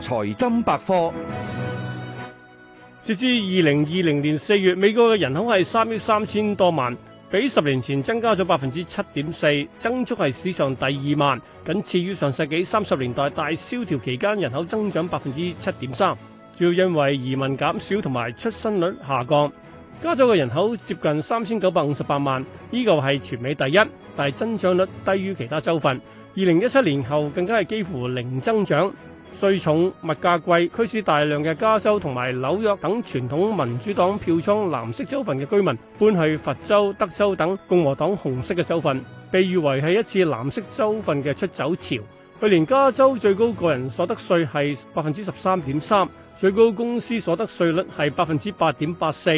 財經百科，截至二零二零年四月，美國嘅人口係三億三千多萬，比十年前增加咗百分之七點四，增速係史上第二慢，僅次於上世紀三十年代大蕭條期間人口增長百分之七點三。主要因為移民減少同埋出生率下降，加州嘅人口接近三千九百五十八萬，呢個係全美第一，但係增長率低於其他州份。二零一七年後更加係幾乎零增長。稅重物價貴，驅使大量嘅加州同埋紐約等傳統民主黨票倉藍色州份嘅居民搬去佛州、德州等共和黨紅色嘅州份，被譽為係一次藍色州份嘅出走潮。去年加州最高個人所得稅係百分之十三點三，最高公司所得稅率係百分之八點八四。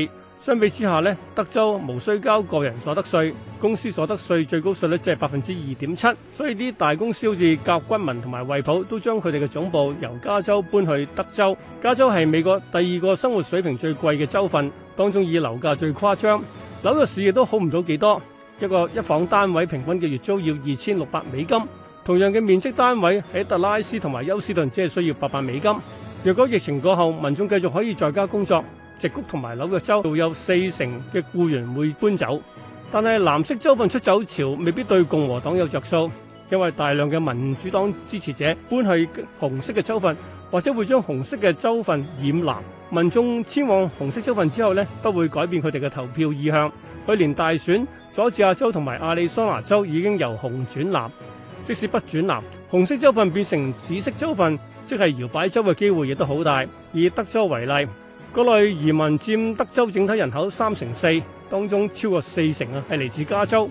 相比之下咧，德州無需交個人所得稅，公司所得稅最高稅率只係百分之二點七，所以啲大公司好似甲骨文同埋惠普都將佢哋嘅總部由加州搬去德州。加州係美國第二個生活水平最貴嘅州份，當中以樓價最誇張，紐約市亦都好唔到幾多。一個一房單位平均嘅月租要二千六百美金，同樣嘅面積單位喺達拉斯同埋休斯頓只係需要八百美金。若果疫情過後，民眾繼續可以在家工作。直谷同埋紐約州都有四成嘅雇員會搬走，但係藍色州份出走潮未必對共和黨有着數，因為大量嘅民主黨支持者搬去紅色嘅州份，或者會將紅色嘅州份染藍。民眾遷往紅色州份之後呢，不會改變佢哋嘅投票意向。去年大選，佐治亞州同埋亞利桑那州已經由紅轉藍，即使不轉藍，紅色州份變成紫色州份，即係搖擺州嘅機會亦都好大。以德州為例，嗰類移民佔德州整體人口三成四，當中超過四成啊，係嚟自加州。